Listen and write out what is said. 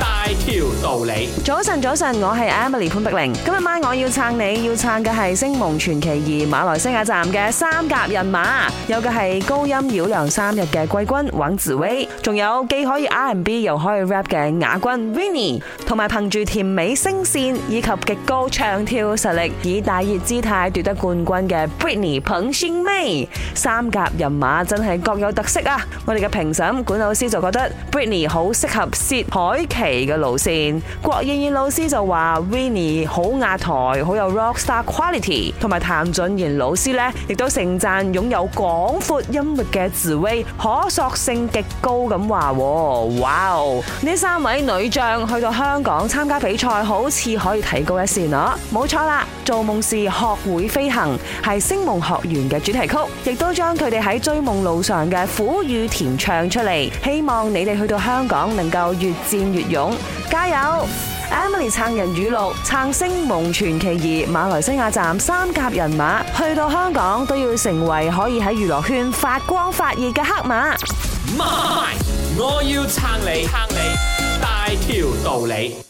大條道理，早晨早晨，我係 Emily 潘碧玲。今日晚上我要撐你，要撐嘅係《聲夢傳奇二》馬來西亞站嘅三甲人馬，有嘅係高音繞梁三日嘅季軍王子威，仲有既可以 R&B 又可以 rap 嘅亞軍 Winnie 同埋憑住甜美聲線以及極高唱跳實力，以大熱姿態奪得冠軍嘅 Britney 彭倩薇。三甲人馬真係各有特色啊！我哋嘅評審管老師就覺得 Britney 好適合薛凱琪。嘅路線，郭燕燕老師就話 Winnie 好壓台，好有 rock star quality，同埋譚俊賢老師咧，亦都盛讚擁有廣闊音域嘅智慧，可塑性極高咁話。哇哦！呢三位女將去到香港參加比賽，好似可以提高一線啊！冇錯啦，做夢是學會飛行，係星夢學員嘅主題曲，亦都將佢哋喺追夢路上嘅苦與甜唱出嚟。希望你哋去到香港能夠越戰越勇。加油！Emily 撐人語錄，撐聲夢傳奇二馬來西亞站三甲人馬，去到香港都要成為可以喺娛樂圈發光發熱嘅黑馬。我要撐你，撐你大條道理。